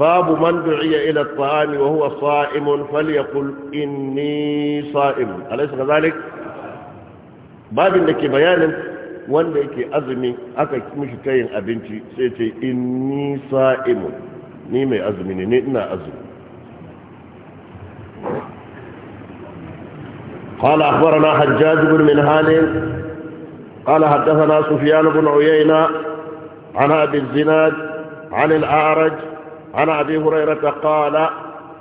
باب من دعي إلى الطعام وهو صائم فليقل إني صائم أليس كذلك باب إنك بيان وإنك أزمي azumi aka mishi kayin abinci sai ce inni sa'imun ni أزمي قال أخبرنا حجاج بن منهال قال حدثنا سفيان بن عيينة عن أبي الزناد عن الأعرج عن أبي هريرة قال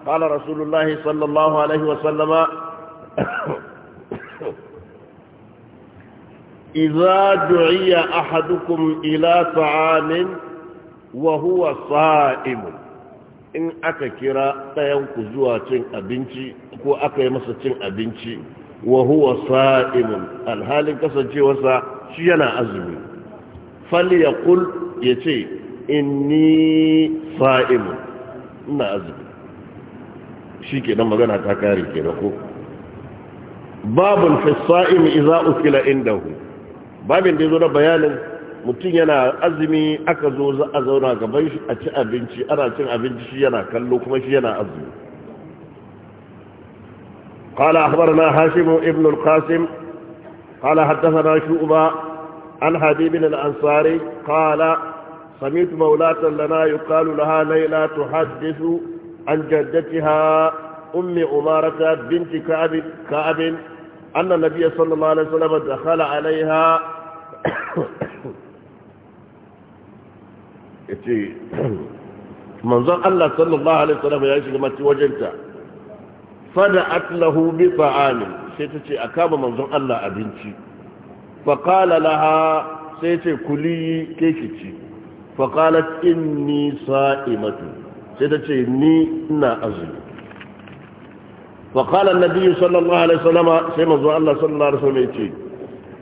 قال رسول الله صلى الله عليه وسلم إذا دعي أحدكم إلى طعام وهو صائم in aka kira ɗayanku zuwa cin abinci ko aka yi masa cin abinci wa huwa sa'imun alhalin kasancewarsa shi yana azumi fal ya ce inni sa'imu ina azumi shi ke don magana ta kare ke da ko babun fi sa'imi iza ukila indahu babin da ya zo da bayanin mutum yana azumi aka zo za a zauna gaban shi a ci abinci ana cin abinci shi yana kallo kuma shi yana azumi قال أخبرنا هاشم ابن القاسم قال حدثنا شؤبا عن حبيب الأنصاري قال سمعت مولاة لنا يقال لها ليلى تحدث عن جدتها أم أمارة بنت كعب كعب أن النبي صلى الله عليه وسلم دخل عليها manzon Allah sallallahu alaihi wasallam ya shiga mace wajenta fada'at lahu bi ta'amin sai tace a kama manzon Allah abinci fa qala laha sai ce kuli ke ci faƙalat ni sa'imatu sai ta ce ni ina azumi na biyu sallallahu alaihi salama sai mazu Allah sallallahu alaihi salama ce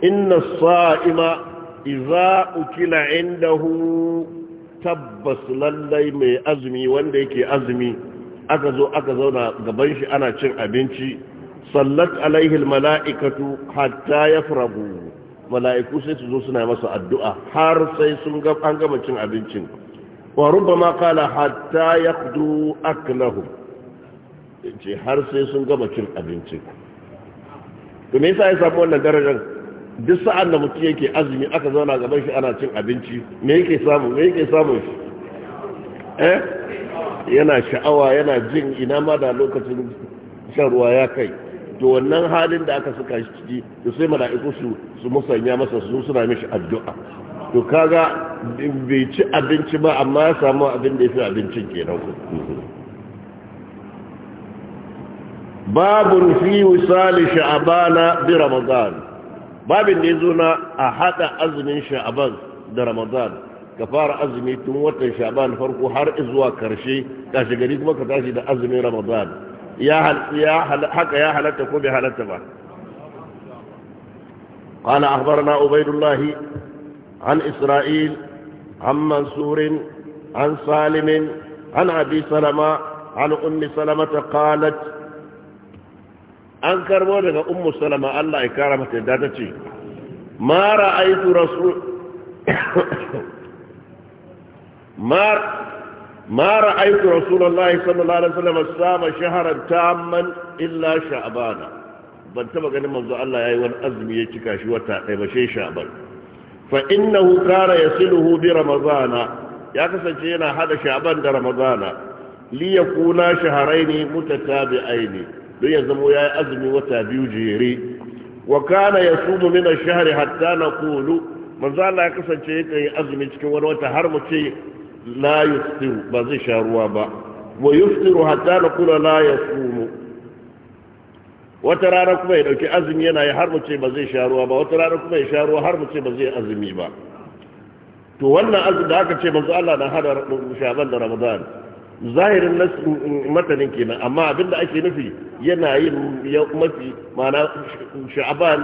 inna sa'ima iza ukila indahu tabbas lallai mai azumi wanda yake azumi aka zo aka zauna gaban shi ana cin abinci sallat alaihi mala'ikatu hatta ya farabu mala'iku sai su zo suna masa addu'a har sai sun ga an gama cin abincin wa rubama qala hatta yaqdu aklahum ce har sai sun gama cin abincin to me yasa ya samu wannan darajar duk sa'an da mutum yake azumi aka zauna gaban shi ana cin abinci me yake samu me yake samu shi eh yana sha'awa yana jin ina ma da lokacin shan ruwa ya kai to wannan halin da aka suka shi ciki to sai mala'iku su su musanya masa su suna mishi addu'a to kaga bai ci abinci ba amma ya samu abin da ya fi abincin kenan babun fi wisali sha'abana bi ramadan babin da yazo na a haɗa azumin sha'aban da ramadan ka fara azumi tun watan sha'aban farko har zuwa karshe kashi gari kuma ka tashi da azumin ramadan haka ya halatta ko bai halatta ba abar na, ubaidullahi an isra'il an mansurin an salimin an abi salama an ummi an karbo daga ummu salama allah ya kara mata yadda ta ce mara aitu rasu ما رأيت رسول الله صلى الله عليه وسلم صام شهرا تاما ban taba ganin manzo Allah yayi wani azumi ya cika shi wata ɗaya ba sai Sha'ban fa innahu kana yasiluhu bi Ramadana ya kasance yana haɗa Sha'ban da Ramadana li yakuna shahrayn mutatabi'ain don ya zamo yayi azumi wata biyu jere Wakana kana yasumu min ash-shahri hatta naqulu manzo ya kasance yake azumi cikin wani wata har mu ce la yusiru ba zai sha ruwa ba wa yusiru hatta na kula la ya sumu wata rana kuma ya dauki azumi yana har mu ce ba zai sha ruwa ba wata rana kuma ya sha ruwa har mu ce ba zai azumi ba to wannan azumi da aka ce manzo Allah na hada shaban da ramadan zahirin matanin kenan amma abinda ake nufi yana yin mafi ma'ana Shaban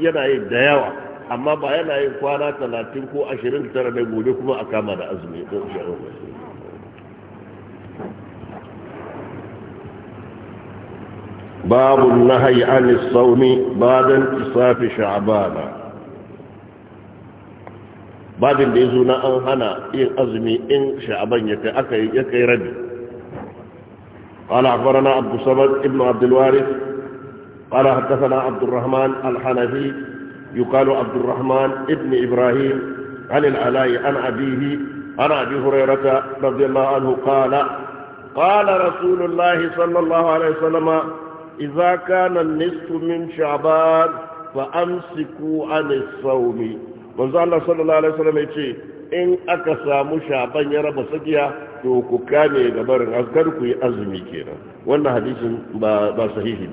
yana yin da yawa amma ba yana yin kwana talatin ko ashirin tara da gobe kuma a kama da azumi ko باب النهي عن الصوم بعد انتصاف شعبان babin da ya zo na an hana yin azumi in sha'aban ya kai aka yi ya kai rabi قال أخبرنا عبد الصمد ابن عبد الوارث قال حدثنا عبد الرحمن الحنفي يقال عبد الرحمن ابن إبراهيم عن العلاء عن أبيه عن أبي هريرة رضي الله عنه قال قال رسول الله صلى الله عليه وسلم إذا كان النصف من شعبان فأمسكوا عن الصوم manzo Allah sallallahu alaihi wasallam yace in aka samu shaban ya raba sakiya to ku kame gabarin azkar ku yi azumi kenan wannan hadisin ba ba sahihi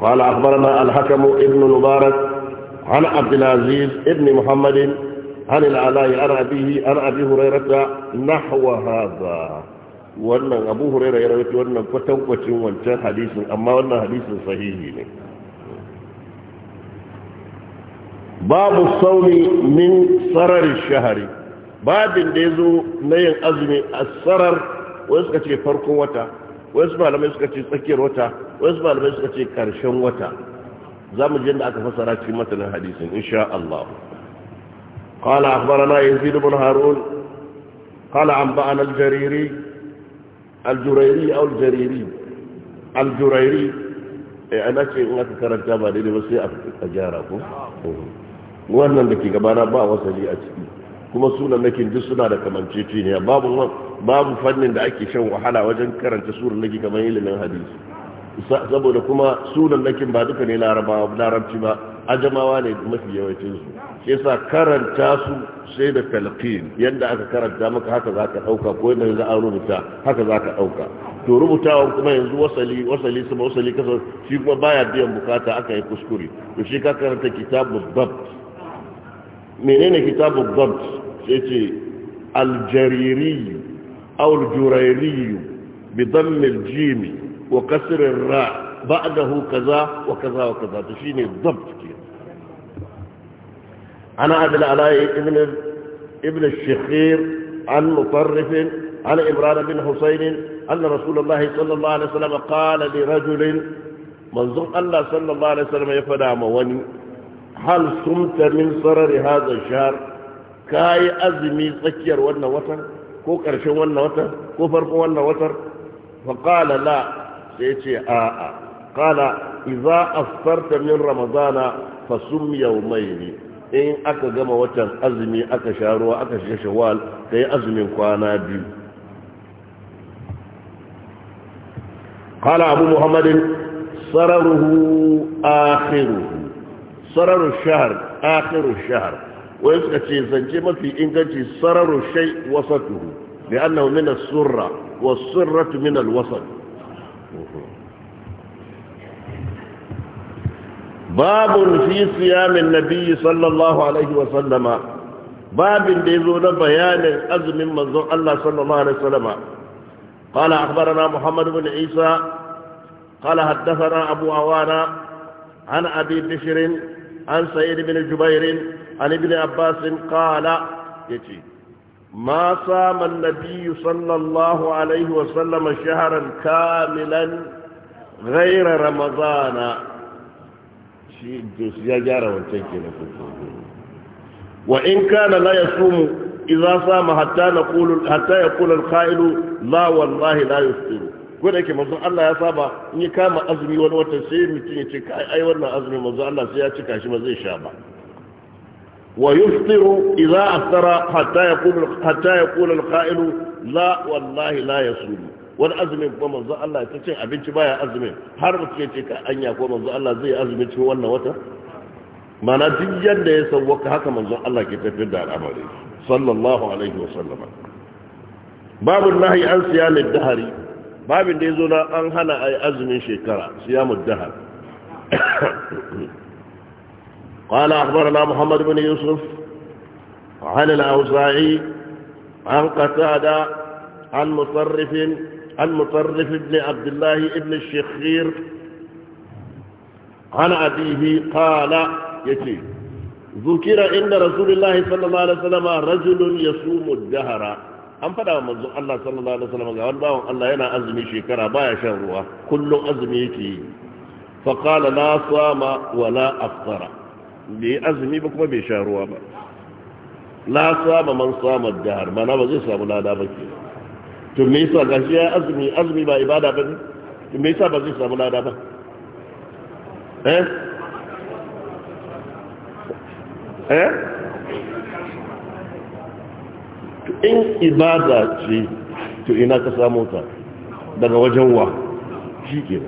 قال أخبرنا الحكم ابن مبارك عن عبد العزيز ابن محمد عن العلاء عن أبيه عن أبي هريرة نحو هذا وأن أبو هريرة يرويت وأن فتوكة وانتهى حديث أما وأن حديث صحيح باب الصوم من سرر الشهر باب ديزو نين أزمي السرر ويسكتي فرق وتا ويسمع لما يسكتي سكير وتا wasu malamai suka ce karshen wata za mu jin da aka fasara cikin matanin hadisin insha Allah Harun? قال أخبرنا يزيد بن هارون قال أنبأنا الجريري الجريري أو in aka karanta ba daidai ba sai a gyara أجاركم wannan da ke gabana ba wasali a ciki kuma sunan nakin duk suna da ne. babu fannin da ake shan wahala wajen karanta suran nake kamar ilimin hadisi saboda kuma sunan nakin ba duka ne larabci ba ajamawa ne mafi yawancinsu shi sa karanta su sai da talqin yadda aka karanta maka haka za ka ɗauka ko yadda za a rubuta haka za ka ɗauka to rubutawa kuma yanzu wasali wasali sama wasali kasa shi kuma baya biyan bukata aka yi kuskure to shi ka karanta kitabu dabt menene kitabu dabt sai ce aljariri aw aljurairi bi dammil jimi wa kasirin ra ba'dahu kaza wa kaza wa kaza to shine zabt ke ana abin ala'i ibn ibn shikhir an mutarrif an Ibrahim bin husayn anna rasulullah sallallahu alaihi wasallam qala li rajulin manzon Allah sallallahu alaihi wasallam ya fada ma wani hal sumta min sarari hadha ash Ka yi azmi tsakiyar wannan watan ko ƙarshen wannan watan ko farkon wannan watan faƙala la sai ce a a kala iza aftarta min ramadana fa sum ne, in aka gama watan azumi aka sha aka shiga shawwal kai azumin kwana biyu kala abu muhammadin sararuhu akhiruhu sararu shahr akhiru shahr wai suka ce zance mafi inganci sararu shay wasatuhu لأنه من السرة والسرة من الوسط babun fi siyamin nabiyyi sallallahu alaihi wa sallama babin da yazo na bayanin azumin manzon Allah sallallahu alaihi wa sallama qala akhbarana muhammad ibn isa qala haddathana abu awana an abi bishr an sa'id ibn jubair an ibn abbas yace ما صام النبي صلى الله عليه وسلم شهرا كاملا غير رمضان ya gyara wancan kenan wa in kana la yasumu idza sama hatta naqulu hatta yaqulu al la wallahi la yusiru ko da yake manzo Allah ya saba in ya kama azumi wani wata sai mutum ya ce kai ai wannan azumi manzo Allah sai ya cika shi ba zai sha ba wa yuftiru idza asara hatta yaqulu hatta yaqulu al la wallahi la yasumu wani azumin kuma manzo Allah ta cin abinci baya azumin har mutum ya ce ka anya ko manzo Allah zai azumin cikin wannan wata mana duk yadda ya sauwaka haka manzo Allah ke tafiyar da al'amari sallallahu alaihi wa sallama babu nahi an siya siyamin dahari babin da ya zo na an hana a yi azumin shekara siya mu dahar قال أخبرنا محمد بن يوسف عن الأوزاعي عن قتادة عن مصرف المطرف بن عبد الله بن الشخير عن أبيه قال يتي ذكر إن رسول الله صلى الله عليه وسلم رجل يصوم الدهر an faɗa wa manzon Allah sallallahu alaihi wasallam ga wani bawan Allah yana azumi shekara baya shan ruwa kullum azumi yake yi fa qala sama wa la aftara bai azumi ba kuma bai sha ruwa ba sama man mana ba zai samu lada ba to me yasa gashi ya azumi azumi ba ibada ba ne to me yasa ba zai samu lada ba eh eh to in ibada ce to ina ka samu ta daga wajen wa shi ke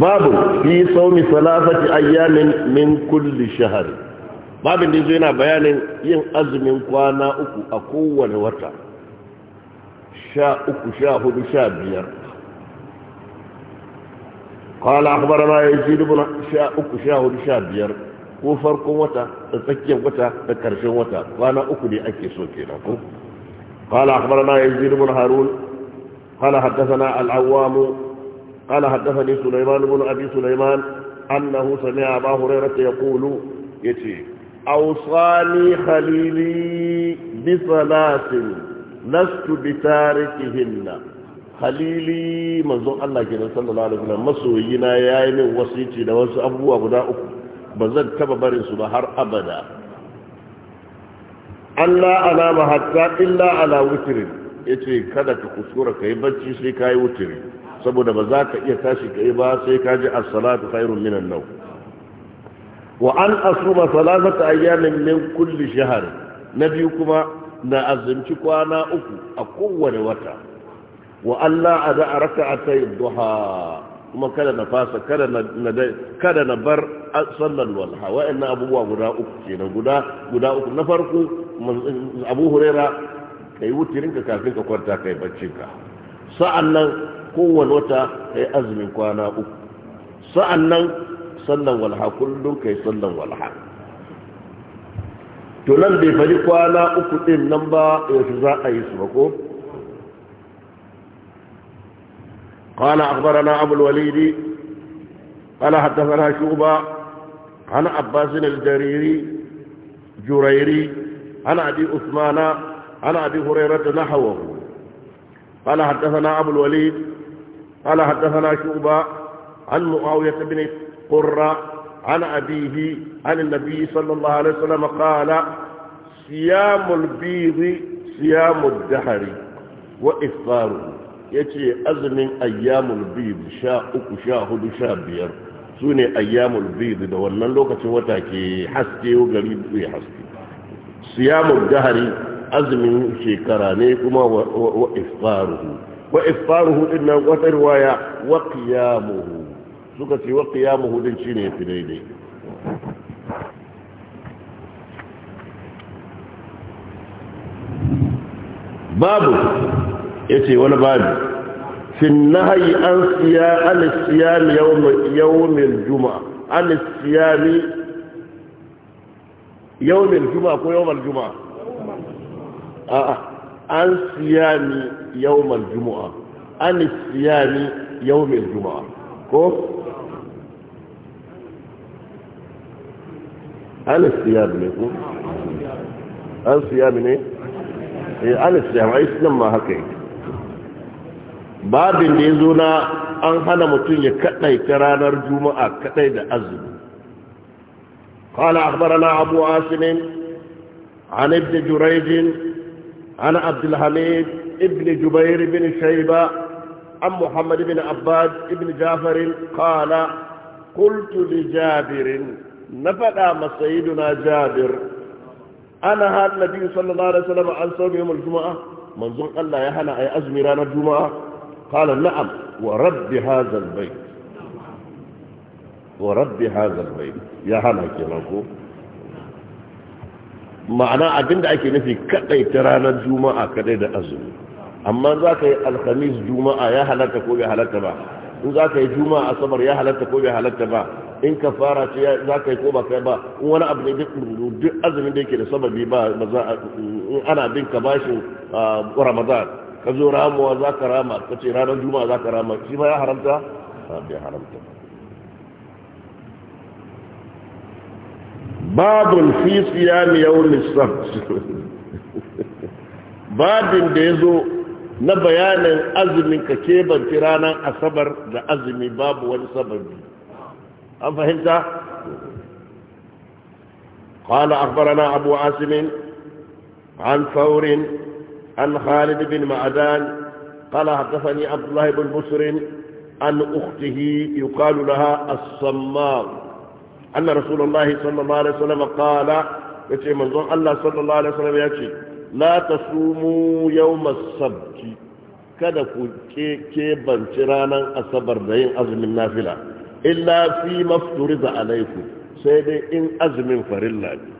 babu fi saumi salafati ayyamin min kulli shahari babin da yana bayanin yin azumin kwana uku a kowane wata sha uku sha hudu sha biyar na ce أخبرنا na sha uku sha hudu sha biyar ko farkon wata da tsakiyar wata da karshen wata kwana uku ne ake so kenan ko qala akhbarana yazid ibn harun qala hadathana al-awwam qala hadathani sulayman ibn abi sulayman annahu sami'a abu hurairah yaqulu yace أوصاني خليلي بصلاة لست بتاركهن خليلي masoyina الله كنا صلى الله عليه وسلم مسوينا يا من وصيتي لوس أبو أبو داؤك بزد كببر سبحر أبدا Allah alama hatta illa ala wutirin ya ce kada ka kuskura ka yi bacci sai ka yi wutiri saboda ba za ka iya tashi ka yi ba sai ka ji as-salatu khairun minan nau wa an asuma salasata ayyamin min kulli shahr na biyu kuma na azumci kwana uku a kowane wata wa Allah a da a raka'atai duha kuma kada na fasa kada na bar hawa walha na abubuwa guda uku na guda guda uku na farko Abu Huraira kai wutirin rinka kafin ka kwanta kai bacci ka sa'annan kowane wata kai azumin kwana uku sa'annan sallan walha kullum kai sallan walha to nan bai fari kwana uku din nan ba yaushe za a yi su ba ko قال أخبرنا أبو الوليد قال حدثنا شعبة عن عباس الجريري جريري عن أبي عثمان عن أبي هريرة نحوه قال حدثنا أبو الوليد قال حدثنا شعبة عن معاوية بن قرة عن أبيه عن النبي صلى الله عليه وسلم قال صيام البيض صيام الدهر وإفطاره يتي أزمن أيام البيض شاء شاهد شاء شاء سوني أيام البيض ده ونن لوكة وتاكي حسكي وقريب في حسكي صيام الدهر أزمن شكراني كما وإفطاره وإفطاره إن وتروايا وقيامه suka ce wa qiyamu hudin shine yafi daidai babu ya ce wani babu fin nahyi an siya an siyam yawm yawm al-jum'a an siyam yawm al ko yawm al-jum'a a'a an siyam yawm al-jum'a an siyam yawm al-jum'a ko an ne ko an ne eh, ma haka babin da na an hana mutum ya kadai ta ranar juma'a kadai da azumi قال أخبرنا أبو عاصم عن ابن جريج عن عبد الحميد ابن جبير بن شيبة عن محمد بن عباد بن جعفر قال قلت لجابر نفدا ما سيدنا جابر أنا هذا النبي صلى الله عليه وسلم عن صوم يوم الجمعة منظور قال لا يهنا أي أزمي رانا الجمعة قال نعم ورب هذا البيت ورب هذا البيت يا هنا كناكو ma'ana abinda ake nufi kadai ta ranar juma'a kadai da azumi amma za ka yi alhamis juma'a ya halatta ko bai halatta ba in za ka yi juma'a asabar ya halatta ko bai halatta ba in ka fara ce za ka yi ko ba kai ba in wani abu ne duk azumin da yake da sababi ba in ana bin ka bashin ramadan ka zo ramuwa za ka rama ka ce ranar juma'a za ka rama shi ma ya haramta bai haramta babun fi siyami yawon lissaf babin da ya zo na bayanin azumin ka kebanci ranar asabar da azumi babu wani قال أخبرنا أبو عاصم عن فور عن خالد بن معدان قال حدثني عبد الله بن بسر عن أخته يقال لها الصمام أن رسول الله صلى الله عليه وسلم قال يتي من الله صلى الله عليه وسلم يتي la tasumu yau sabti kada ku kebanci ranar asabar da yin azumin nafila illa fi mafturiza alaiku sai dai in azumin farilla ne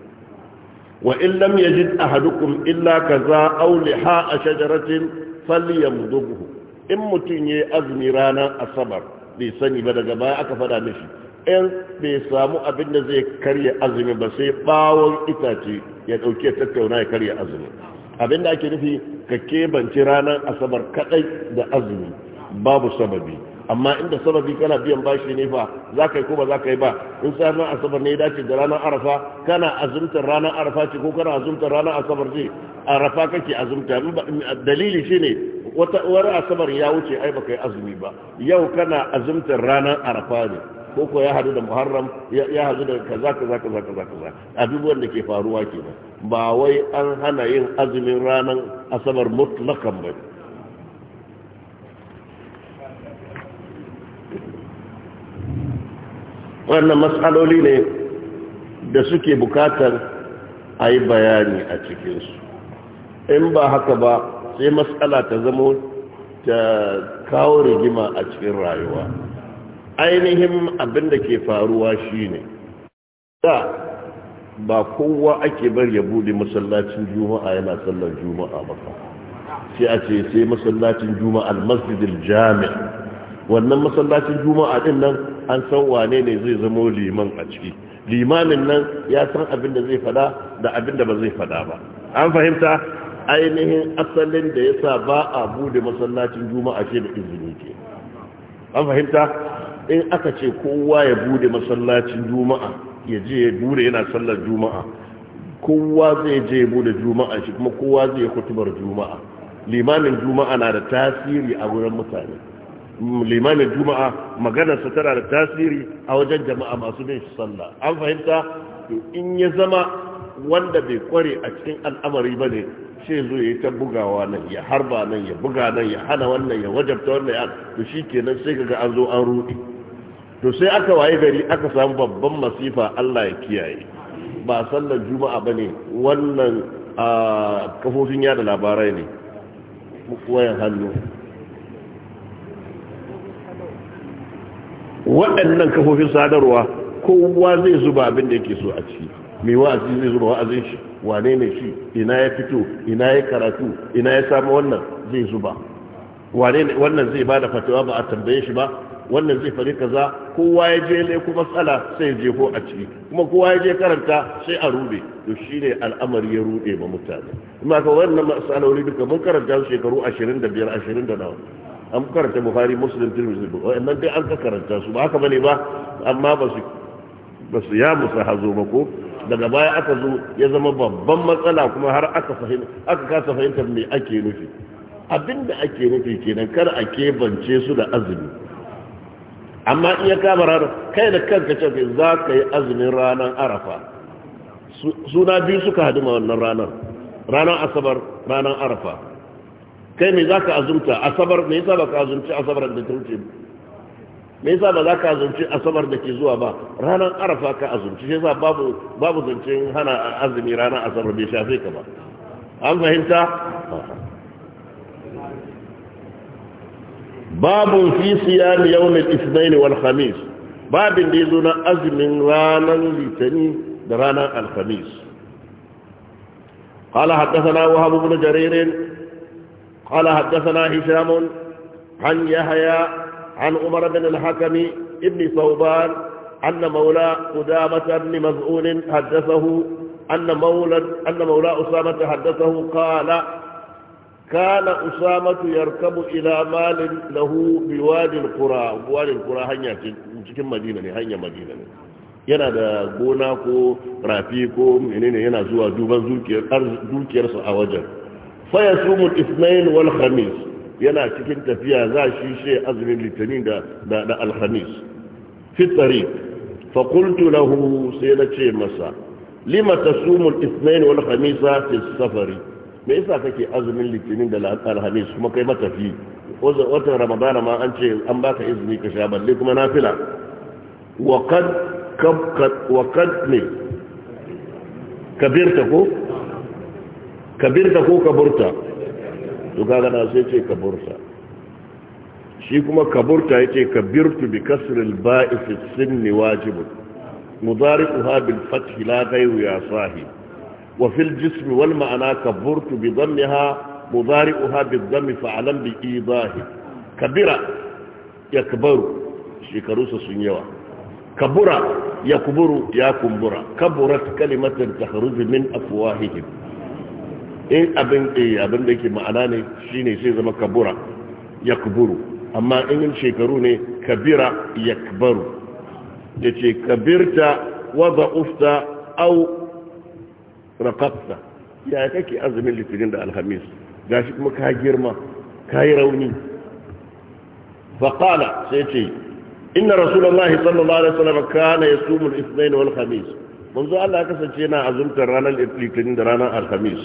wa in lam yajid ahadukum illa kaza aw liha a shajaratin falyamdubhu in mutum yayi azumi ranar asabar bai sani ba daga baya aka fada mishi in bai samu abin da zai karya azumi ba sai bawon itace ya dauke tattauna ya karya azumi abin da ake nufi ka kebanci ranar asabar kadai da azumi babu sababi amma inda sababi kana biyan bashi ne fa za ka yi ko ba za ka yi ba in ranar asabar ne ya dace da ranar arafa kana azumtar ranar arafa ce ko kana azumtar ranar asabar ce arafa kake azumta dalili shi ne, wata asabar ya wuce ai ka yi azumi ba yau kana azumtar ranar arafa ne ko ko ya hadu da muharram ya hadu da kaza kaza kaza kaza kaza abubuwan da ke faruwa kenan ba wai an hana yin azumin ranar asabar mutlakan ba wannan matsaloli ne da suke bukatar a yi bayani a cikinsu in ba haka ba sai matsala ta zamo ta kawo rigima a cikin rayuwa ainihin abin da ke faruwa shine da ba kowa ake bar ya bude masallacin juma'a yana sallar juma'a ba sai a ce sai masallacin juma'a al-masjidil jami' wannan masallacin juma'a din nan an san wane ne zai zamo liman a ciki limamin nan ya san abin da zai fada da abin da ba zai fada ba an fahimta ainihin asalin da yasa ba a bude masallacin juma'a ce da izini ke an fahimta in aka ce kowa ya bude masallacin juma'a ya je ya bude yana sallar juma'a kowa zai je ya bude juma'a shi kuma kowa zai kutubar juma'a limamin juma'a na da tasiri a wurin mutane limamin juma'a maganarsa tana da tasiri a wajen jama'a masu bin shi sallah an fahimta in ya zama wanda bai kware a cikin al'amari ba ne sai zo ya yi ta bugawa nan ya harba nan ya buga nan ya hana wannan ya wajabta wannan ya to shi kenan sai kaga an zo an rudi to sai aka waye gari aka samu babban masifa Allah ya kiyaye ba sallar juma'a bane wannan kafofin yada labarai ne wayan hannu waɗannan kafofin sadarwa kowa zai zuba abin da yake so a ciki mai wa'azi zai zuba wa'azin shi wane ne shi ina ya fito ina ya karatu ina ya samu wannan zai zuba wannan zai ba da fatawa ba a tambaye shi ba wannan zai fari kaza kowa ya je ne kuma tsala sai je ko a ciki kuma kowa ya je karanta sai a rube to shine al'amari ya rude ma mutane kuma ka wannan masaloli duka mun karanta shekaru 25 29 an karanta buhari muslim tirmidhi wannan dai an ka karanta su ba haka bane ba amma ba su ba su ya musu hazo ba ko daga baya aka zo ya zama babban matsala kuma har aka fahimta aka kasa fahimtar me ake nufi abinda ake nufi kenan kar a kebance su da azumi amma in ya kama ranar kai da kanka ce za ka yi azumin ranar arafa suna biyu suka hadu ma wannan ranar ranar asabar ranar arafa kai me za ka azumta asabar me yasa ba ka azumci asabar da ta me yasa ba za ka azumci asabar da ke zuwa ba ranar arafa ka azumci shi yasa babu babu zancen hana azumi ranar asabar bai shafe ka ba an fahimta باب في صيام يوم الاثنين والخميس باب ديزونا أزم رانا لتني درانا الخميس قال حدثنا وهب بن جرير قال حدثنا هشام عن يحيى عن عمر بن الحكم ابن ثوبان أن مولى قدامة بن مزعون حدثه أن مولى أن مولى أسامة حدثه قال كان yarkabu ila malin lahu bi wadi alqura wadi alqura hanya cikin madina ne hanya madina ne yana da gona ko rafi ko menene yana zuwa duban dukiyarsa a wajen faya sumul ithnain wal khamis yana cikin tafiya za shi she azumin litinin da da khamis fi tariq fa qultu lahu sai na ce masa lima tasumul ithnain wal khamisa fi safari me yasa kake azumin litinin da alhamis kuma kai matafi watan ramadana ma an ce an baka izini ka sha balle kuma nafila wa kad wa kad ne kabirta ko kabirta ko kaburta to kaga na sai ce kaburta shi kuma kaburta yace kabirtu bi kasril ba'i fi sinni wajib mudari'uha bil fath la ghayru ya sahib وفي الجسم والمعنى كبرت بضمها مضارئها بالضم فعلم بإيضاهه كبرة يكبر شكروس سنيوة كبرة يكبر يا كبرة كبرت كلمة تخرج من أفواههم in abin da yake ma'ana ne shine sai zama kabura ya amma in shekaru ne kabira ya kubaru ce kabirta wadda au raƙaƙa ya kake azumin litinin da alhamis gashi kuma ka girma ka yi rauni faƙala sai ce inna rasulallahi sallallahu alaihi wasallam kana yasumul ithnain wal khamis manzo Allah ya kasance yana azumtar ranar litinin da ranar alhamis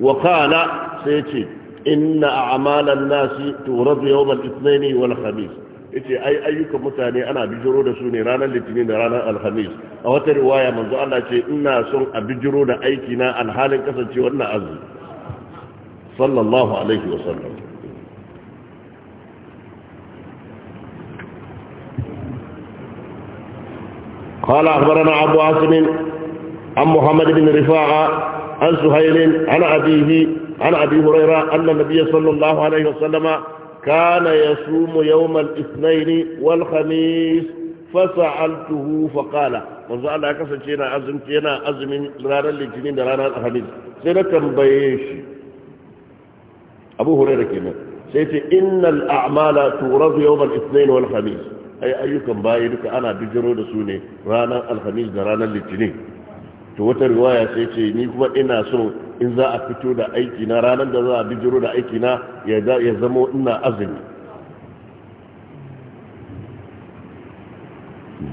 wa qala sai ce inna a'malan nasi turadu yawm al-ithnain wal khamis yace ai ayyukan mutane ana bijiro da su ne ranar litinin da ranar alhamis a wata riwaya manzo Allah ce ina son a bijiro da aiki na alhalin kasance wannan azumi sallallahu alaihi wa sallam قال أخبرنا أبو عاصم عن محمد بن رفاعة عن سهيل عن أبيه عن أبي هريرة أن النبي صلى الله عليه وسلم كان يصوم يوم الاثنين والخميس فسألته فقال manzo Allah ya kasance yana azumci yana azumin ranar litinin da ranar alhamis sai na tambaye shi abu da ke nan sai ce innal a'mala turazu yawmal ithnain wal khamis ay ayyukan bayi duka ana bijiro da su ne ranar alhamis da ranar litinin to wata riwaya sai ce ni kuma ina so in za a fito da aiki na ranar da za a bijiro da aiki na ya zamo ina azumi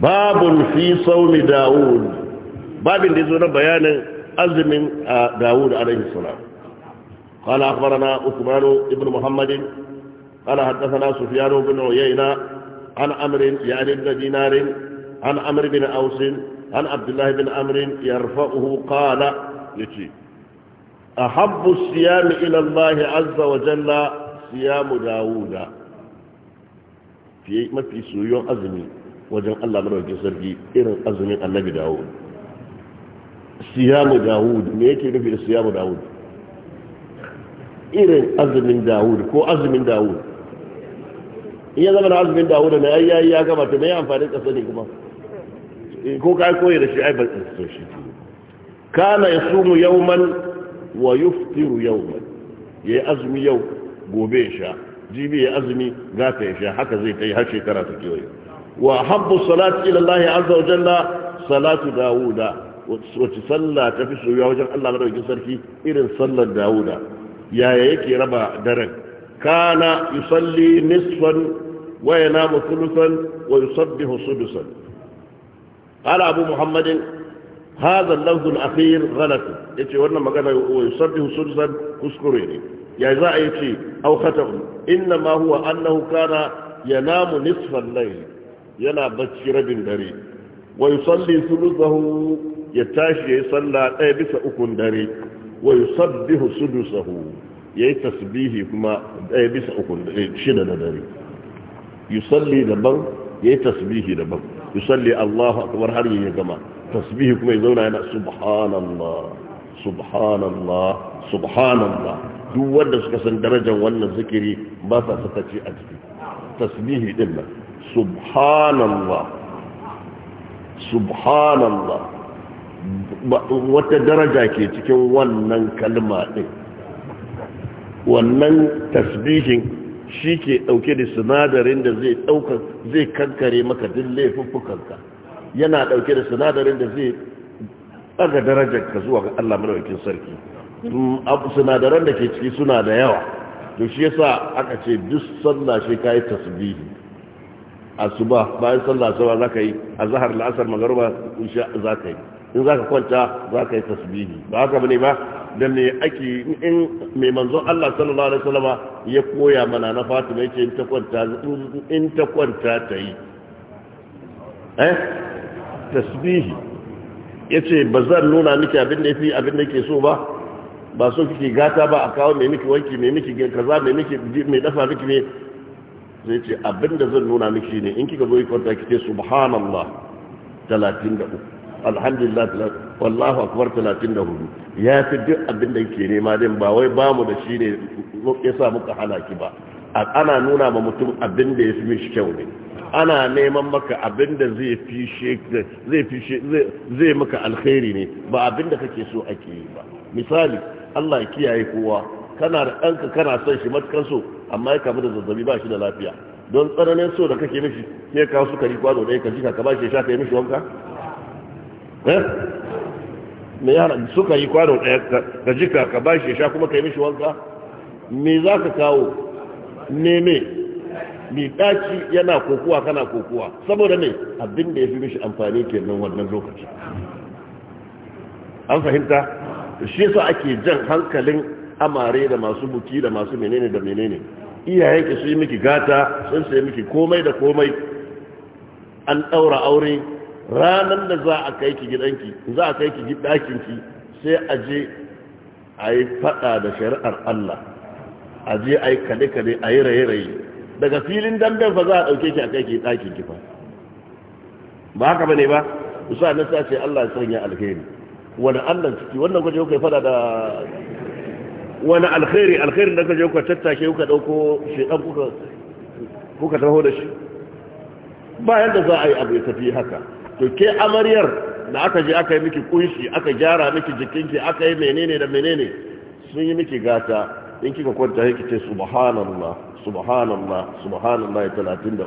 babun fi saumi dawud babin da zo na bayanin azumin a dawud alaihi salam قال أخبرنا أثمان ابن محمد قال حدثنا سفيان بن عيينة عن أمر يعني ابن دينار عن أمر بن أوس عن عبد الله بن أمر يرفعه قال يتي أحب الصيام إلى الله عز وجل صيام داوود في ما في سويون أزمي وجن الله من وجه سرقي إرن أزمي النبي داوود صيام داوود ما يكي صيام داوود إرن أزمي داوود كو أزمي داوود iya zama da azumin dawuda أي أي ya gabata mai amfani kasa ne ko ka koyi da shi ai ba so shi kana yau yawman wa yuftiru yawman yayi azumi yau gobe ya sha jibi ya azumi gata ya sha haka zai kai har shekara ta kewaye wa habbu salati ila Allah azza wa jalla salatu Dawuda. Wacce sallah ta fi soyuwa wajen Allah madaukakin sarki irin sallar Dawuda. yaya yake raba daren kana yusalli nisfan wa yanamu thuluthan wa yusabbihu sudusan قال أبو محمد هذا اللفظ الأخير غلط يتي وانا مقالا يصبه سلسا كسكريني يعني ذا يتي أو خطأ إنما هو أنه كان ينام نصف الليل ينا بچي رب دري ويصلي ثلثه يتاشي يصلى أبس أكون دري ويصبه سدسه يتسبيه كما أبس أكون شنن دري يصلي دبن يتسبيه دبن yusalli Allahu akbar har ya gama tasbihi kuma ya zauna yana subhanallah subhanallah subhanallah duk wanda suka san darajar wannan zikiri ba sa sakaci a ciki tasbihi din nan subhanallah subhanallah wata daraja ke cikin wannan kalma din wannan tasbihin shi ke ɗauke da sinadarin da zai ɗaukar zai kankare maka duk laifuffukanka yana ɗauke da sinadarin da zai ɗaga darajar ka zuwa ga Allah madaukakin sarki mm, sinadaran da ke ciki suna da yawa to shi yasa aka ce duk sallah shi yi tasbihi asuba bayan sallah za ka yi a zahar la'asar sha za ka yi in za ka kwanta za ka yi tasbihi ba haka bane ba da me ake in mai manzon Allah sallallahu alaihi wasallama ya koya mana na Fatima yake in ta kwanta in ta kwanta ta yi eh tasbih yace bazan nuna miki abin da yafi abin da yake so ba ba so kike gata ba a kawo mai miki wanki mai miki kaza mai miki mai dafa miki ne zai ce abin da zan nuna miki ne in kika zo yi kwanta kike subhanallah 33 alhamdulillah wallahu akbar 34 ya fi duk abin da yake nema din ba wai ba mu da shi ne ya sa muka hana ki ba ana nuna ma mutum abin da ya fi mishi kyau ne ana neman maka abin da zai fi zai maka alkhairi ne ba abin da kake so ake yi ba misali Allah ya kiyaye kowa kana da ɗanka kana son shi matukan so amma ya kamu da zazzabi ba shi da lafiya don tsananin so da kake mishi sai kawo su kari kwazo ɗaya ka jika ka ba shi ya sha ya mishi wanka Eh? me yara suka yi kwano ɗaya ka jika ka ba shi sha kuma ka yi mishi wanka me za ka kawo neme mai ɗaci yana kokuwa kana kokuwa saboda ne abin da ya fi mishi amfani ke nan wannan lokaci an fahimta shi yasa ake jan hankalin amare da masu buki da masu menene da menene iyayenki su yi miki gata sun sai miki komai da komai an ɗaura aure ranar da za a kai ki gidanki za a kai ki ɗakinki sai a je a yi faɗa da shari'ar Allah a je a yi kade-kade a yi raye-raye daga filin dambe fa za a ɗauke ki a kai ki ɗakinki fa ba haka ba ne ba usa na sa ce Allah sanya alheri wani Allah ciki wannan kwaje kuka yi faɗa da wani alheri alheri da kwaje kuka tattake kuka ɗauko shi ɗan kuka kuka taho da shi bayan da za a yi abu ya tafi haka to ke amaryar da aka je aka yi miki kunshi aka gyara miki jikinki aka yi menene da menene sun yi miki gata in kika kwanta yake ce subhanallah subhanallah subhanallah 33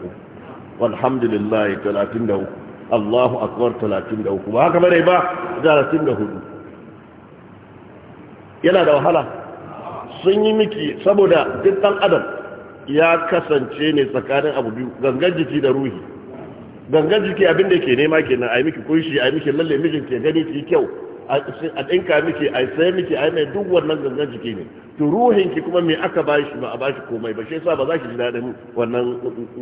walhamdulillah 33 Allahu akbar 33 ba haka bane ba 34 yana da wahala sun yi miki saboda duk dan adam ya kasance ne tsakanin abu biyu gangan jiki da ruhi gangan jiki abin da ke nema kenan a yi miki kunshi a yi miki lalle mijin ke gani ki kyau a ɗinka miki a sai miki a yi mai duk wannan gangan jiki ne to ruhin ki kuma me aka ba shi ba a ba shi komai ba shi yasa ba za ki ji daɗin wannan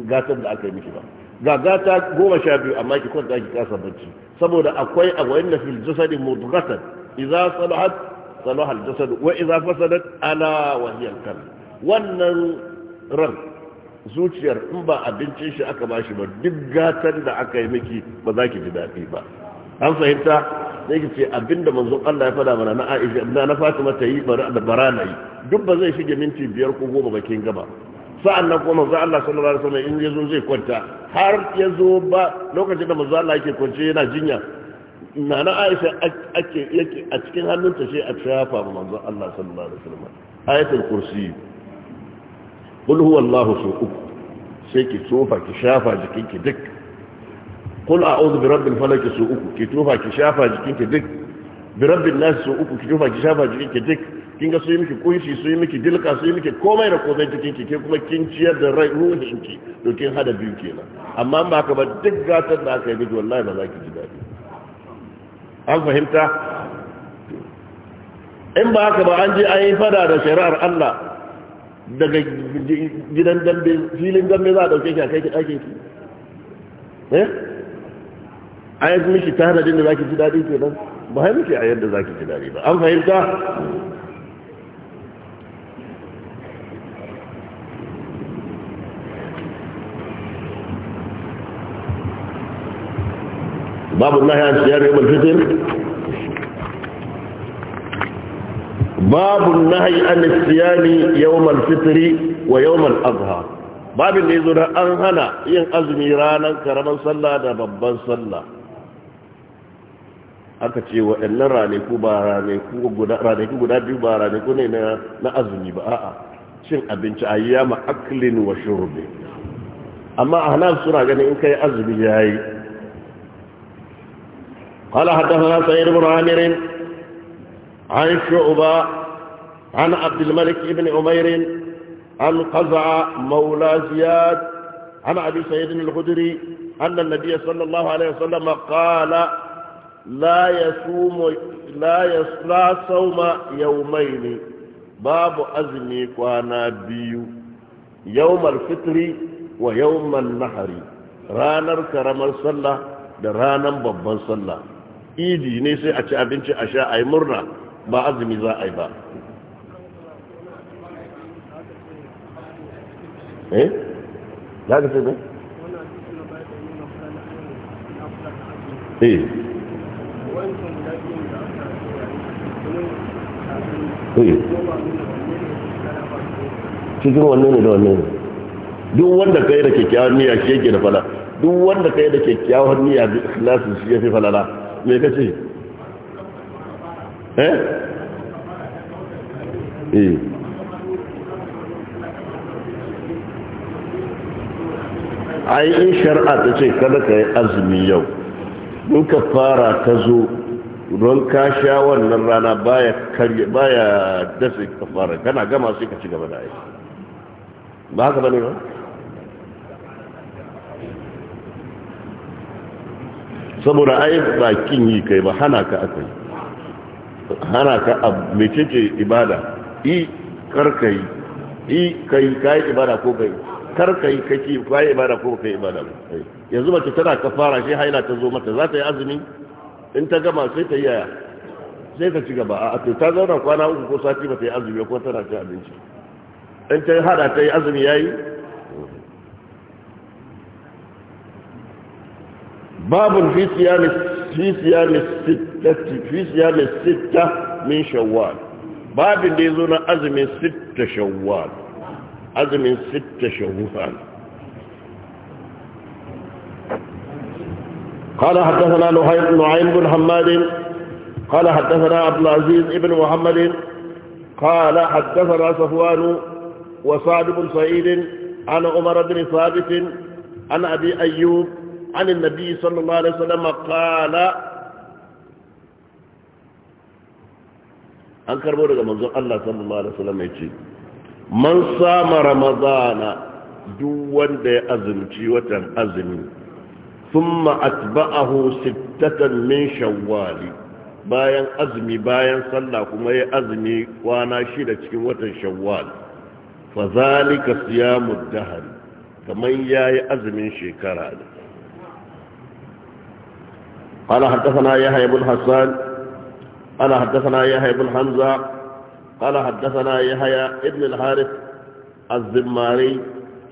gatar da aka yi miki ba ga gata goma sha biyu amma ki kwanta ki kasa bacci saboda akwai a wayan na fil jasadin mudghatan idza salahat salahal al jasad wa idza fasadat ala wa hiya al wannan ran zuciyar in ba abincin shi aka ba shi ba duk gatar da aka yi miki ba za ki ji daɗi ba an fahimta sai ki ce abinda manzon Allah ya faɗa mana na Aisha na na Fatima ta yi da barana yi duk ba zai shige minti biyar ko goma bakin gaba sa'an nan kuma manzon Allah sallallahu alaihi wasallam in ya zo zai kwanta har ya zo ba lokacin da manzon Allah yake kwance yana jinya na na Aisha ake yake a cikin hannunta sai a shafa manzon Allah sallallahu alaihi wasallam ayatul kursi قل هو الله uku sai ki tofa جكينك shafa قل أعوذ برب الفلك bi rabbil falaq جكينك uku برب الناس ki shafa jikinki جكينك دك kinga nas su uku shafa kin ga yi miki kunshi su yi miki dilka su yi miki komai da komai cikin ki ke kuma kin ciyar da rai ruhin ki to kin hada biyu kenan amma ba ka ba duk gatar da aka yi miki wallahi ba za ki ji daɗi an fahimta in ba haka ba an je an yi fada da shari'ar Allah daga gidan dambe filin dambe za a dauke shi a kai ki ɗakin ki eh a yanzu miki tanadin da zaki ji daɗi ke nan ba hai miki a yadda zaki ji daɗi ba an fahimta babu nahi an siyar yau fitr babu nahi an siyami yawmal fitri wa yawmal adha babin da yazo da an hana yin azumi ranar karaman sallah da babban sallah aka ce waɗannan ranaku ba ranaku guda ranaku guda biyu ba ranaku ne na na azumi ba a'a cin abinci ayyama aklin wa shurbi amma ahnaf suna ganin in kai azumi yayi قال حدثنا سعيد بن عامر عن شعبة عن عبد الملك بن عمير عن قزع مولى زياد عن أبي سيد الخدري أن النبي صلى الله عليه وسلم قال لا يصوم لا يصلى صوم يومين باب أزمي كوانا بيو يوم الفطر ويوم النحر رانر كرم الصلاة da ببن صلاة إيدي نيسي ne sai a ci abinci ba azumi za a yi ba eh za ka sai eh. eh cikin wannan ne da wannan ne duk wanda kai da kyakkyawar niyya shi yake da fala duk wanda kai da kyakkyawar niyya da ikhlasi shi yake falala me kace eh eh ai in shari'a ta ce kada ka yi azumi yau in ka fara ka zo don ka sha wannan rana baya karye baya dasa ka fara kana gama sai ka ci gaba da aiki ba haka bane ba saboda ai ba kin yi kai ba hana ka akai hana ka abu mecece ibada yi karka yi yi kai kai ibada ko kai karka yi kake kai ibada ko kai ibada eh, yanzu mace tana kafara shi haila ta zo mata za ta yi azumi in ta gama sai ta yi yaya sai ta ci gaba a to ta zauna kwana uku ko sati ba ta yi azumi ko tana ci abinci in ta hada ta yi azumi yayi babun fi siyamis fi fi sitta min shawwal babin da ya zo na azumin sitta shawwal azumin sitta shawwal قال حدثنا نعيم بن بن حماد قال حدثنا عبد العزيز بن محمد قال حدثنا صفوان وصعد بن سعيد عن عمر بن ثابت عن أبي أيوب عن النبي صلى الله عليه وسلم قال an karbo daga manzon Allah sallallahu alaihi wasallam ya ce man sama ramadana duk wanda ya azumci watan azumi thumma atba'ahu sittatan min shawwal bayan azumi bayan sallah kuma ya azumi kwana shida cikin watan shawwal fa zalika siyamud dahr kaman yayi azumin shekara قال حدثنا يحيى بن حسان قال حدثنا يحيى بن حمزة قال حدثنا يحيى ابن الحارث الزماري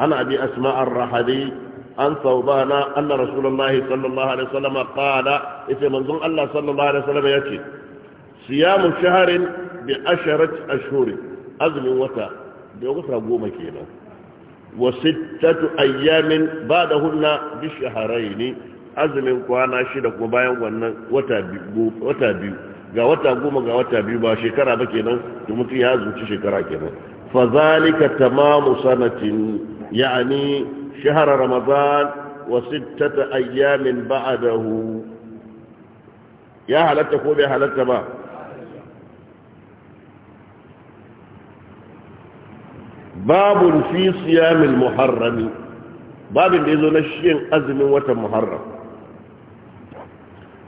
عن أبي أسماء الرحدي عن ثوبان أن رسول الله صلى الله عليه وسلم قال إذا منظم الله صلى الله عليه وسلم يأتي صيام شهر بعشرة أشهر أذن وتا بغفر قوم كينا وستة أيام بعدهن بشهرين أذن قوانا شدك وبايا وانا وتا بيو ga wata goma ga wata biyu ba shekara ba kenan to mutum ya zuci shekara kenan fa tamamu sanatin ya'ani shahr ramadan wa sittata ayyamin ba'dahu ya halatta ko bai halatta ba babun fi siyamil muharrami babin da yazo na shirin azumin watan muharram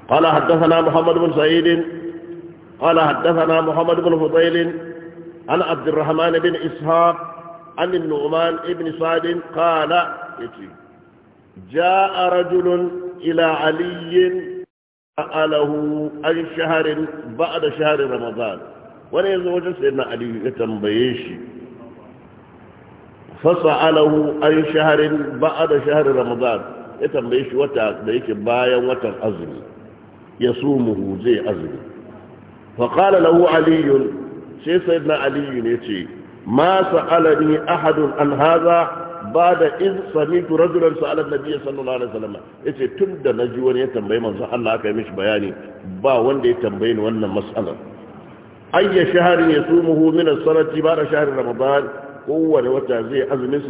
قال حدثنا محمد بن سعيد قال حدثنا محمد بن فضيل عن عبد الرحمن بن إسحاق عن النعمان بن سعد قال جاء رجل إلى علي سأله عن شهر بعد شهر رمضان wani yanzu wajen sai na aliyu ya tambaye shi fasa alahu an shaharin ba'a da shaharin ramadan ya tambaye shi wata da yake bayan watan azumi ya azumi faƙala lahu aliyun sai sayyidina aliyu ne ce ma sa'alani ahadun an haza ba da in samitu rajulan sa'alan nabiyyi sallallahu alaihi wasallam tun da na ji wani ya tambaye manzon Allah aka yi mishi bayani ba wanda ya tambaye ni wannan matsalar. ayya shahrin yasumuhu min as-sanati ba da shahrin ramadan kowane wata zai azumin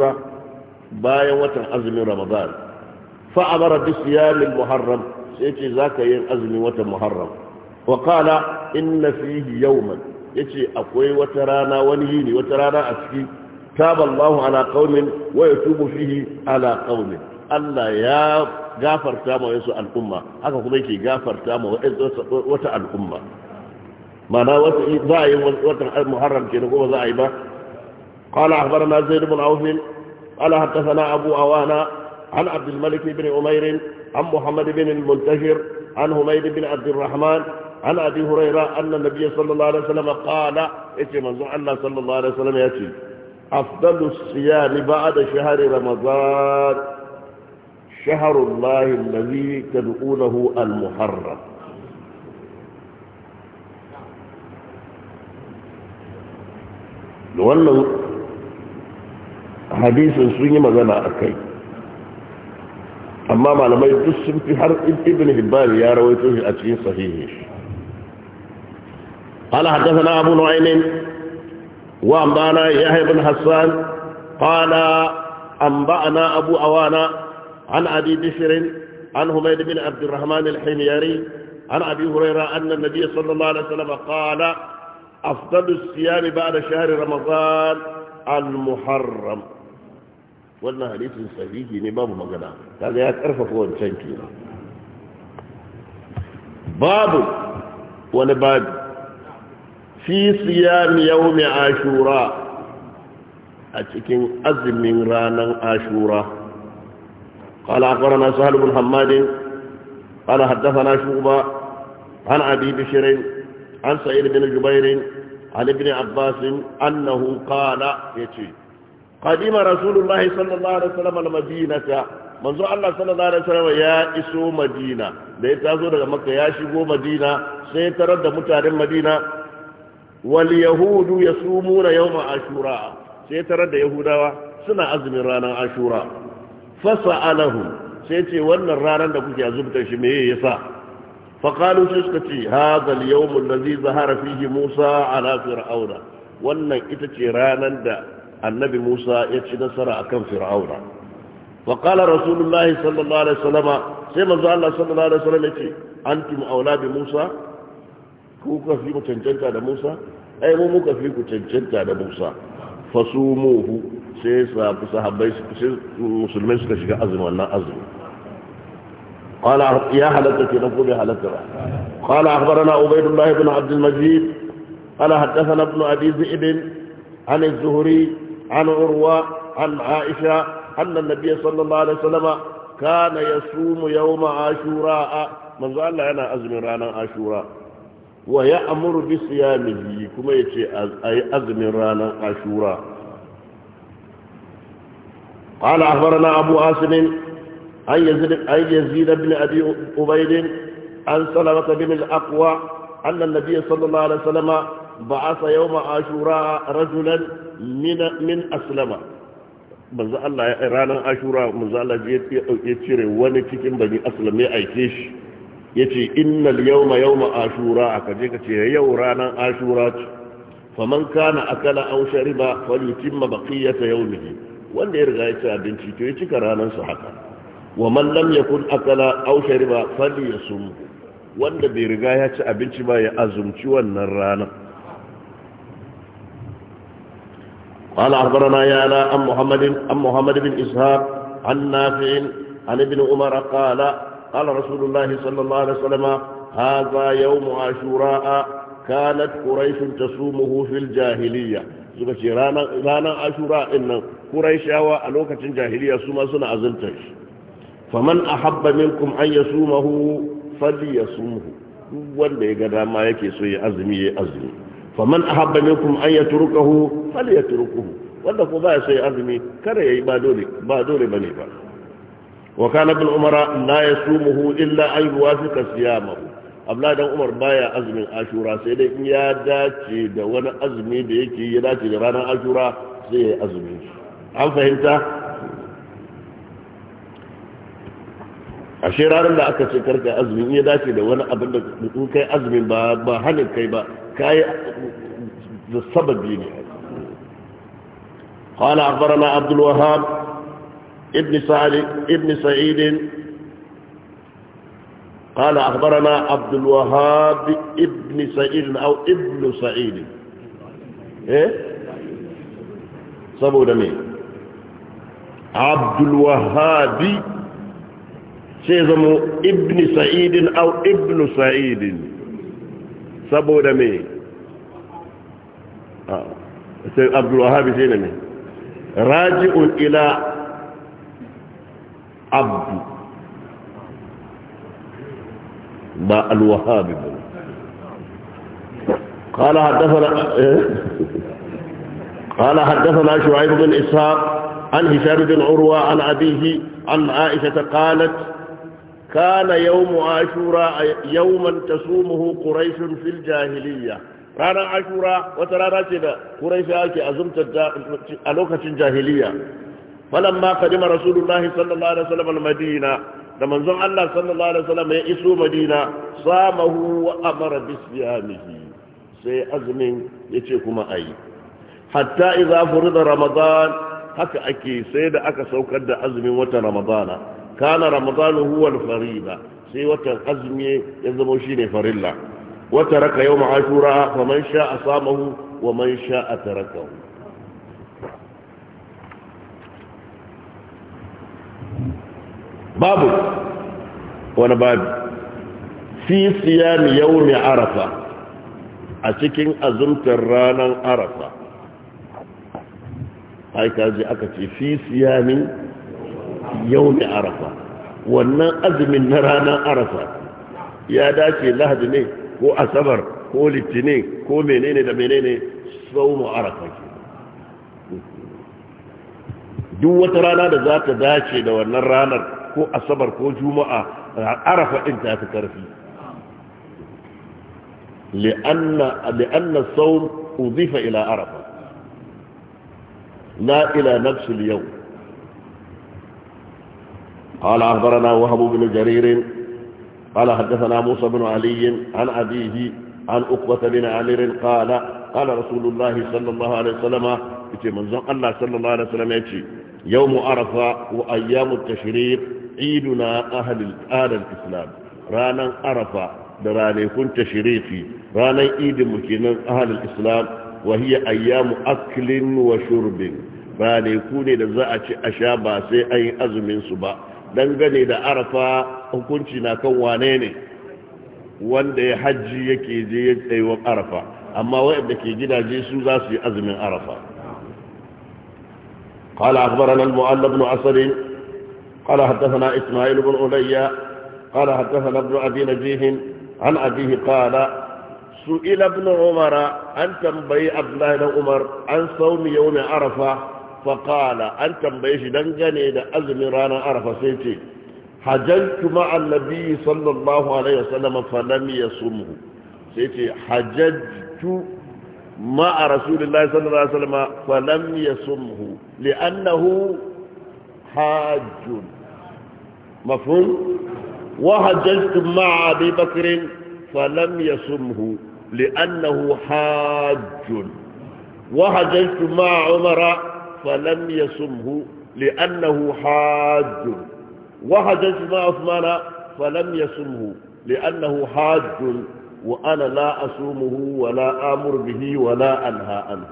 bayan watan azumin ramadan fa amara bi siyamil muharram sai yace zaka yin azumin watan muharram wa inna fihi yawman yace akwai wata rana wani yini wata rana a ciki taballahu ala qaumin wa yatubu fihi ala qaumin Allah ya gafarta ma wasu al'umma haka kuma yake gafarta ma wata al'umma mana wata za a yi watan muharram kenan ko ba za a yi ba qala akhbarana zaid ibn auf qala hadathana abu awana an abd al-malik ibn umair an muhammad ibn al-muntajir an humayd ibn abd al-rahman عن أبي هريرة أن النبي صلى الله عليه وسلم قال إتي منظر الله صلى الله عليه وسلم يأتي أفضل الصيام بعد شهر رمضان شهر الله الذي تدعونه المحرم wannan hadisin sun yi magana a kai amma malamai duk sun fi har ibn hibbar ya rawaito shi a cikin sahihi قال حدثنا أبو نعيم وأنبانا يحيى بن حسان قال أنبأنا أبو أوانا عن أبي بشر عن حميد بن عبد الرحمن الحميري عن أبي هريرة أن النبي صلى الله عليه وسلم قال أفضل الصيام بعد شهر رمضان المحرم wannan hadisin sahihi ne babu magana kaga ya karfafa wancan kenan babu wani babu fi siyami yawm ashura a cikin azumin ranan ashura qala qarna sahal ibn hammad qala hadathana shuba an abi bishr an sa'id bin jubair an ibn abbas annahu qala yati qadima rasulullah sallallahu alaihi wasallam عليه وسلم manzo Allah sallallahu alaihi wasallam ya iso Madina da ya tazo daga Makka ya shigo Madina sai tarar da mutanen Madina wal yahudu sumuna yawma ashura sai tarar da yahudawa suna azumin ranar ashura Fasa alahu sai ce wannan ranar da kuke azubta shi me yasa faqalu sai suka ce hadha al yawm allazi zahara fiye musa ala fir'auna wannan ita ce ranar da annabi musa ya ci nasara akan fir'auna faqala rasulullahi sallallahu alaihi wasallam sai manzo Allah sallallahu alaihi wasallam ya ce antum aula bi musa ku ka fi ku cancanta da Musa ai mu muka fi ku cancanta da Musa fasumuhu sai sahabu sahabbai sai musulmai suka shiga azumin wannan azumi قال يا حلقتي نقول يا حلقتي قال أخبرنا عبيد الله بن عبد المجيد قال حدثنا ابن أبي ذئب عن الزهري عن عروة عن عائشة أن النبي صلى الله عليه وسلم كان يصوم يوم عاشوراء من قال لنا أزمران عاشوراء wa ya amuru bi siyamihi kuma ya ce a yi azumin ranar ashura ƙala na abu asinin an yanzu da bin abi ubaidin an salamata bin al'akwa nan nabiya sallallahu alaihi salama ba a sa yau ma'ashura rajulan min aslama banzu Allah ya ranar ashura banzu Allah ya cire wani cikin bani aslam ya aike shi yace innal yawma yawma ashura aka je ka ce yau ranan ashura ce faman kana akala aw shariba timma baqiyata yawmihi wanda ya riga ya ci abinci to ya cika ranan su haka wa man lam yakun akala aw shariba yasum wanda bai riga ya ci abinci ba ya azumci wannan ranan قال أخبرنا يالا عن محمد عن محمد بن إسحاق عن نافع عن ابن عمر قال قال رسول الله صلى الله عليه وسلم هذا يوم عاشوراء كانت قريش تصومه في الجاهلية suka ce ranar ashura ɗin kurai shawa a lokacin jahiliya su ma suna azuntar shi faman a an ya ya wanda ya ga dama yake so ya azumi ya azumi faman a habba minkum an ya turukahu ya wanda ko ba ya so ya azumi kada ya yi ba dole ba ne ba وكان ابن عمر لا يصومه إلا أن يوافق صيامه abla dan umar baya azumin ashura sai dai in ya dace da wani azumi da yake ya dace da ranar ashura sai ya azumi an fahimta a ranar da aka ce karka azumi ya dace da wani abin da in kai azumin ba ba hannun kai ba kai da sababi ne قال أخبرنا عبد الوهاب ابن سعد ابن سعيد قال أخبرنا عبد الوهاب ابن سعيد أو ابن سعيد إيه صبوا دمين عبد الوهاب سيزمو ابن سعيد أو ابن سعيد صبوا دمين آه. عبد الوهاب سيزمو راجع إلى abdu ba الوهاب قال حدثنا قال حدثنا شعيب بن إسحاق عن هشام بن عروة عن أبيه عن عائشة قالت كان يوم عاشوراء يوما تصومه قريش في الجاهلية رانا عاشوراء وترانا كده قريش أكي أزمت ألوكة الجاهلية falamma kadima rasulullahi sallallahu alaihi wasallam al-madina da manzon Allah sallallahu alaihi wasallam ya iso madina samahu wa amara bisyamihi sai azumin yace kuma ayi hatta idza furida ramadan haka ake sai da aka saukar da azumin watan ramadana kana ramadanu huwa al-farida sai watan azumi ya zama shine farilla wata raka yawm ashura faman sha'a samahu wa man babu wani babu fi siyami mai arafa a cikin azumtar ranar arafa haika ji aka ce fi siyami mai arafa wannan azumin na ranar arafa ya dace lahadi ne ko asabar ko litinin ko menene da menene mu arafa ke duk wata rana da za ta dace da wannan ranar ko asabar ko juma'a arafa din ta fi karfi li'anna li'anna sawm udifa ila arafa la ila nafs al-yawm قال أخبرنا وهب بن جرير قال حدثنا موسى بن علي عن أبيه عن أقوة بن علي قال قال رسول الله صلى الله عليه وسلم يتي منزل الله صلى الله عليه وسلم يتي يوم عرفة وأيام التشريق iduna ahadul adal islam ranar arafa da ranakun tashirifi ranar idin mu kenan islam wa ayyamu aklin wa shurbin ranaku ne da za a ci a sha ba sai an yi azumin su ba dangane da arafa hukunci na kan wane ne wanda ya hajji yake je ya tsayuwar arafa amma waɗanda ke gidaje su za su yi azumin arafa قال أخبرنا المؤلف بن أسد قال حدثنا إسماعيل بن عليا قال حدثنا ابن أبي نجيه عن أبيه قال سئل ابن عمر أن تنبي عبد الله بن عمر عن صوم يوم عرفة فقال أن تنبي دنجني إذا أزم رانا عرفة سيتي حججت مع النبي صلى الله عليه وسلم فلم يصمه سيتي حججت مع رسول الله صلى الله عليه وسلم فلم يصمه لأنه حاج مفهوم وحججت مع أبي بكر فلم يسمه لأنه حاج وحججت مع عمر فلم يسمه لأنه حاج وحججت مع عثمان فلم يسمه لأنه حاج وأنا لا أسومه ولا آمر به ولا أنهى عنه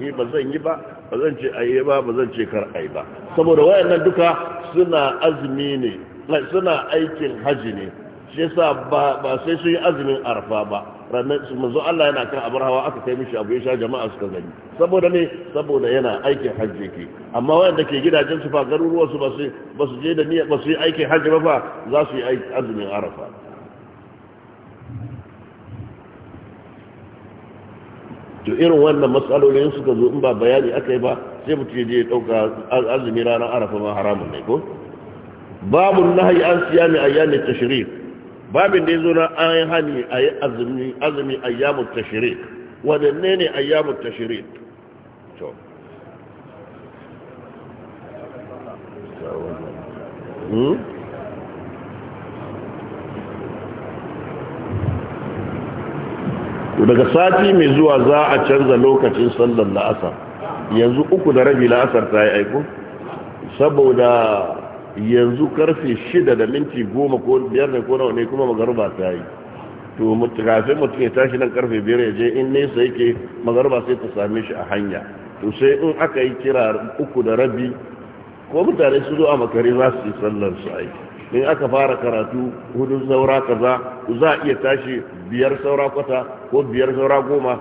هي إيه، بزين يبقى ba zan ce ayi ba ba zan ce kar ayi ba saboda wayannan duka suna azumi ne suna aikin haji ne shi yasa ba sai sun yi azumin arfa ba ranar su manzo Allah yana kan abar hawa aka kai mishi abu ya sha jama'a suka gani saboda ne saboda yana aikin hajji ke amma wayanda ke gidajen su fa garuruwa su ba su je da niyya ba su yi aikin hajji ba fa za su yi azumin arfa to irin wannan matsalolin suka zo in ba bayani aka yi ba sai mutum je ya dauka azumi ranar arafa ma haramun ne ko babu nahyi an siyami ayyamin tashrik babin da yazo na an hani ayi azumi azumi ayyamin tashrik wadanne ne ayyamin tashrik to hmm daga sati mai zuwa za a canza lokacin sallar la'asar yanzu uku da rabi la'asar ta yi aiko saboda yanzu karfe shida da minti goma ko biyar da ko wane kuma magarba ta yi to kafin mutum ya tashi nan karfe biyar ya je in nesa yake magarba sai ta same shi a hanya to sai in aka yi kira uku da rabi ko mutane su zo a makare za su yi sallar su aiki in aka fara karatu hudun saura kaza za a iya tashi biyar saura kwata ko biyar saura goma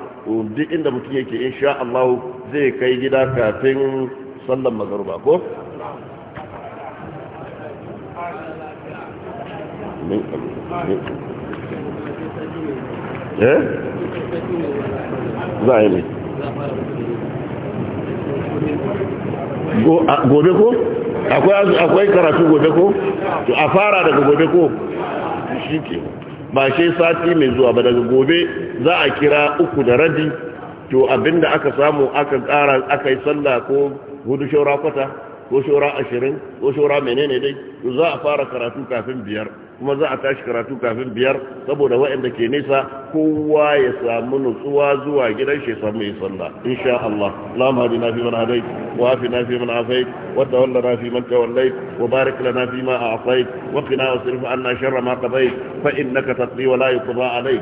duk inda mutum yake sha, Allah zai kai gida kafin sallan magaruba ko eh? za a yi ne gobe ko akwai karatu gobe ko to a fara daga gobe ko shi ke ba shi sati mai zuwa ba daga gobe za a kira uku da rabi to abinda aka samu aka kara aka yi sallah ko hudu shora kwata ko shora ashirin ko shora menene dai to za a fara karatu kafin biyar kuma za a tashi karatu kafin biyar saboda waɗanda ke nesa kowa ya samu nutsuwa zuwa gidan shi samu yi sallah insha Allah Allahumma hadina fi man hadait wa afina fi man afait wa tawallana fi man tawallait wa barik lana fi ma a'tait wa qina wasrif anna sharra ma qadait fa innaka taqdi wa la yuqda alayk